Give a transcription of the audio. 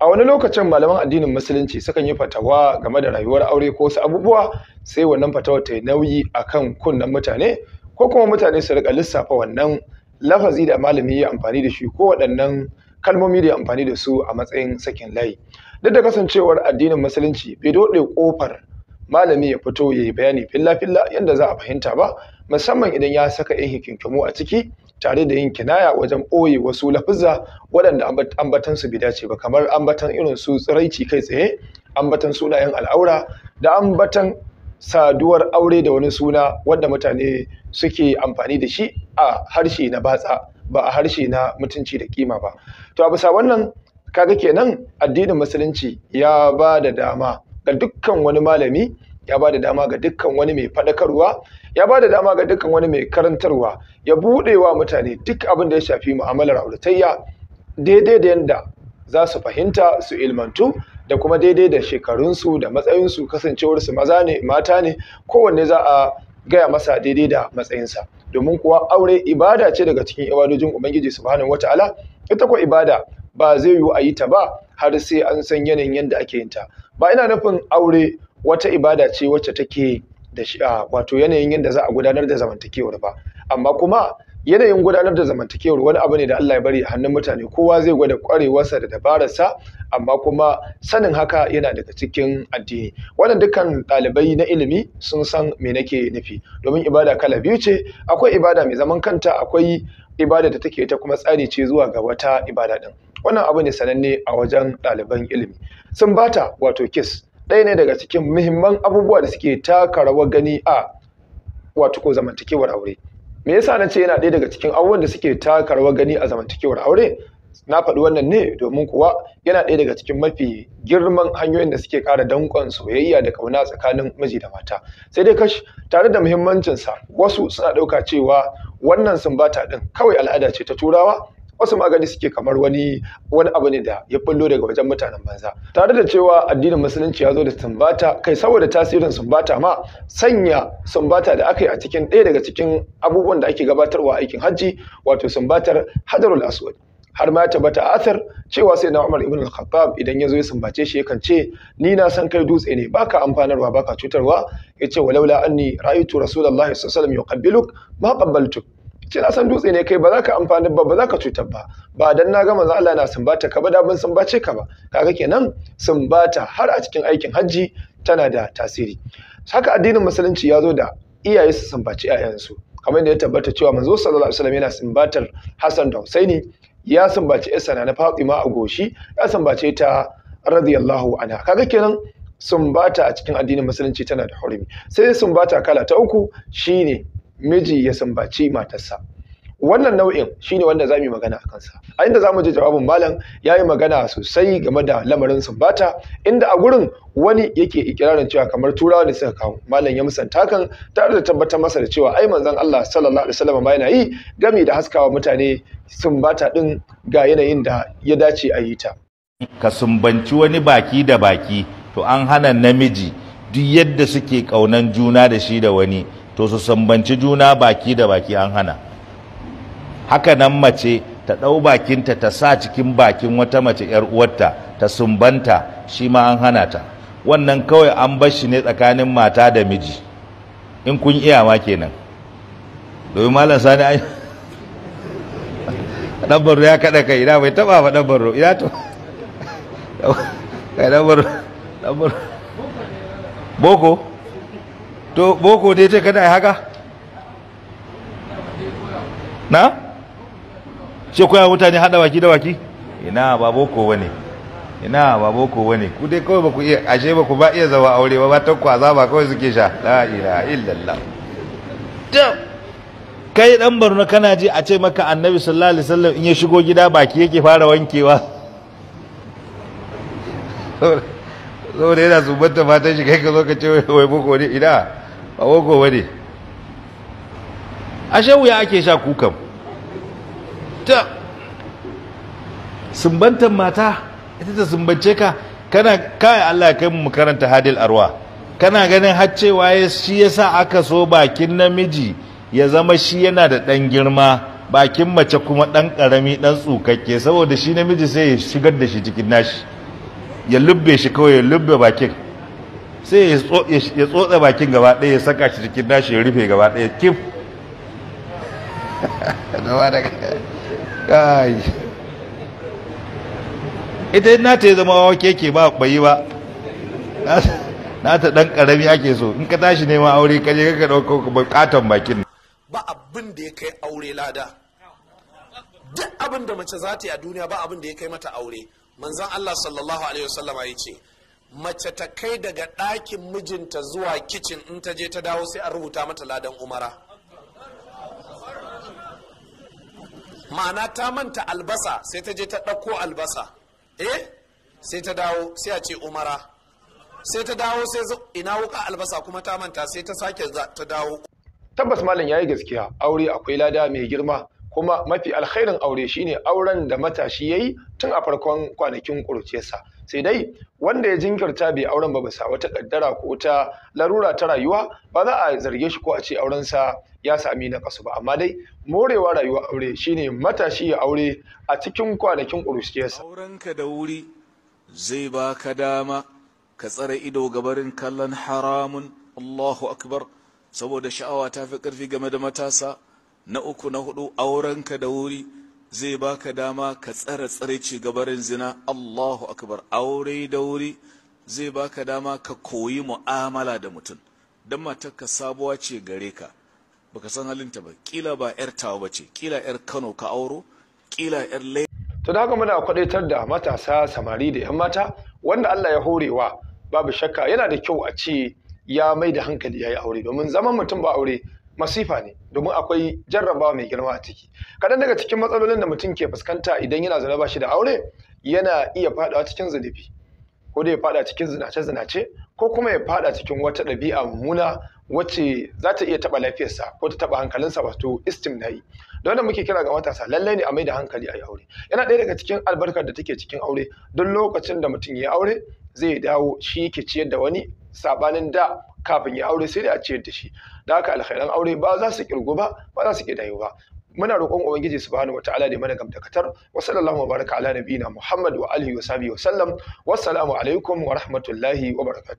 a wani lokacin malaman addinin musulunci sukan yi fatawa game da rayuwar aure ko wasu abubuwa sai wannan fatawar ta yi nauyi a kan kunnen mutane ko kuma mutane su rika lissafa wannan lafazi da malami ya amfani da shi ko waɗannan kalmomi da ya amfani da su a matsayin sakin layi duk da kasancewar addinin musulunci bai doɗe ƙofar malami ya fito ya yi bayani filla-filla yadda za a fahimta ba musamman idan ya saka yin hikinkimu a ciki tare da yin kinaya wajen ɓoye wasu lafizza waɗanda ambatan su bai dace ba kamar ambatan irin su tsiraici kai tsaye ambatan sunayen al'aura da ambatan saduwar aure da wani suna wanda mutane suke amfani da shi a harshe na batsa ba a harshe na mutunci da kima ba to a bisa wannan kaga kenan addinin musulunci ya ba da dama ga dukkan wani malami ya ba da dama ga dukkan wani mai faɗakarwa ya ba da dama ga dukkan wani mai karantarwa ya buɗe wa mutane duk abin da ya shafi mu'amalar auratayya daidai da yanda za su fahimta su ilmantu da kuma daidai da shekarunsu da matsayinsu kasancewarsu maza ne mata ne kowanne za a gaya masa daidai da matsayinsa domin kuwa aure ibada ce daga cikin ibadojin ubangiji subhanahu wataala ita ko ibada ba zai yiwu a yi ta ba har sai an san yanayin yadda ake yin ta ba ina nufin aure wata ibada ce wacce take da shi wato yanayin yadda za a gudanar da zamantakewar ba amma kuma yanayin gudanar da zamantakewar wani abu ne da Allah ya bari a hannun mutane kowa zai gwada kwarewarsa da dabararsa amma kuma sanin haka yana daga cikin addini wannan dukkan ɗalibai na ilimi sun san me nake nufi domin ibada kala biyu ce akwai ibada mai zaman kanta akwai ibada da take ta kuma tsari ce zuwa ga wata ibada din wannan abu ne sananne a wajen ɗaliban ilimi sun bata wato kiss ɗaya ne daga cikin muhimman abubuwa da suke taka rawa gani a wato ko zamantakewar aure me yasa na ce yana ɗaya daga cikin abubuwan da suke taka rawar gani a zamantakewar aure na faɗi wannan ne domin kuwa yana ɗaya daga cikin mafi girman hanyoyin da suke ƙara danƙon soyayya da ƙauna tsakanin miji da mata sai dai kash tare da muhimmancinsa wasu suna ɗauka cewa wannan sumbata ɗin kawai al'ada ce ta turawa wasu magani suke kamar wani wani abu ne da ya fullo daga wajen mutanen banza tare da cewa addinin musulunci ya zo da sumbata kai saboda tasirin sumbata ma sanya sumbata da aka yi a cikin ɗaya daga cikin abubuwan da ake gabatarwa aikin hajji wato sumbatar Hadarul aswad har ma ta bata asar cewa sai na Umar ibn al-Khattab idan ya zo ya sumbace shi yakan ce ni na san kai dutse ne baka amfanarwa baka cutarwa yace walaula anni ra'aytu rasulullahi sallallahu alaihi wasallam yuqabbiluk ma qabbaltuk ce na san dutse ne kai ba za ka amfani ba ba za ka cutar ba ba dan na ga manzo Allah na sumbata ka ba da ban sumbace ka ba kaga kenan sumbata har a cikin aikin hajji tana da tasiri haka addinin musulunci ya zo da iyaye su sumbaci 'ya'yansu kamar da ya tabbata cewa manzo sallallahu alaihi wasallam yana sumbatar Hassan da Husaini ya sumbaci Isa na Fatima a goshi ya sumbace ta radiyallahu anha kaga kenan sumbata a cikin addinin musulunci tana da hurumi sai sumbata kala ta uku shine miji ya sambaci matarsa wannan nau'in shine wanda za mu yi magana a kansa a inda za mu je jawabin malam ya yi magana sosai game da lamarin sumbata inda a gurin wani yake ikirarin cewa kamar turawa da suka kawo malam ya musanta kan tare da tabbatar masa da cewa ai manzon Allah sallallahu alaihi wasallam ma yana yi gami da haskawa mutane sumbata din ga yanayin da ya dace a yi ta ka sumbanci wani baki da baki to an hana namiji duk yadda suke kaunan juna da shi da wani to su sambanci juna baki da baki an hana haka nan mace ta ɗau bakinta ta sa cikin bakin wata mace ‘yar uwarta ta sumbanta shi ma an hana ta wannan kawai an bar shi ne tsakanin mata da miji in kun iya ma kenan domin malam sani an ɗan ya kaɗa kai ina bai taɓa ba ɗan ina to ɗan barro boko to boko dai ce kada ya haka na ce koya mutane hada waki da waki ina ba boko wane ina ba boko wane ku dai kawai ba ku iya ashe ba ku ba iya zama aure ba ba ta kwaza ba kawai suke sha la ilaha illallah kai dan barno kana ji a ce maka annabi sallallahu alaihi wasallam in ya shigo gida baki yake fara wankewa saboda yana zubar da shi kai ka zo ka ce wai boko ne ina ba gogo ashe wuya ake sha kukan ta sumbantar mata ita ta sumbance ka kana kai Allah kai mu karanta hadil arwa kana ganin har cewa shi yasa aka so bakin namiji ya zama shi yana da ɗan girma bakin mace kuma ɗan ƙarami ɗan tsukakke saboda shi namiji sai ya shigar da shi cikin nashi ya lubbe shi kawai ya lubbe bakin sai ya tsotsa bakin gaba ɗaya ya saka shi cikin nashi ya rufe gaba ɗaya kif ita na ta yi zama wawa keke ba bayi ba na ta ɗan ƙarami ake so in ka tashi neman aure ka je ka ɗauko bukatan bakin ba abin da ya kai aure lada duk abin da mace za ta yi a duniya ba abin da ya kai mata aure manzan Allah sallallahu alaihi wasallama ya ce mace ta kai daga ɗakin mijinta zuwa kicin in ta je ta dawo sai a rubuta mata ladan umara ma'ana ta manta albasa sai ta je ta ɗauko albasa eh sai ta dawo sai a ce umara sai ta dawo sai ina wuka albasa kuma ta manta sai ta sake ta dawo tabbas malam yayi gaskiya aure akwai lada mai girma kuma mafi alkhairin aure shine auren da matashi yayi tun a farkon kwanakin ƙuruciyarsa sai dai wanda ya jinkirta bai auren ba bisa wata kaddara ko ta larura ta rayuwa ba za a zarge shi ko a ce aurensa ya sami na ba amma dai morewa rayuwa aure shine matashi ya aure a cikin kwanakin auren ka da wuri zai baka dama ka tsare ido ga barin kallon haramun Allahu akbar saboda sha'awa ta fi ƙarfi game da matasa na uku na hudu aurenka da wuri zai baka dama ka tsare ci gabarin zina Allahu akbar aure da wuri zai baka dama ka koyi mu'amala da mutum dan matarka sabuwa ce gare ka baka san halinta ba kila ba yar tawa bace kila yar Kano ka auro kila yar Lai to da haka muna kwadaitar da matasa samari da yan mata wanda Allah ya horewa babu shakka yana da kyau a ce ya mai da hankali yayi aure domin zaman mutum ba aure masifa ne domin akwai jarrabawa mai girma a ciki kadan daga cikin matsalolin da mutum ke fuskanta idan yana zina bashi shi da aure yana iya fadawa cikin zunubi ko da ya fada cikin zinace zinace ko kuma ya fada cikin wata ɗabi'a mummuna wacce za ta iya taɓa lafiyarsa ko ta taɓa hankalinsa wato istimna'i don da muke kira ga matasa lallai ne a mai da hankali a yi aure yana ɗaya daga cikin albarkar da take cikin aure don lokacin da mutum ya aure zai dawo shi yake ciyar da wani sabanin da kafin ya aure sai da a ciyar da shi da haka alkhairan aure ba za su kirgu ba ba za su kidayu ba muna roƙon ubangiji subhanahu wataala da mana gamtakatar wa sallallahu baraka ala nabiyina muhammad wa alihi wa sahbihi wa sallam wassalamu alaikum wa rahmatullahi wa barakatuh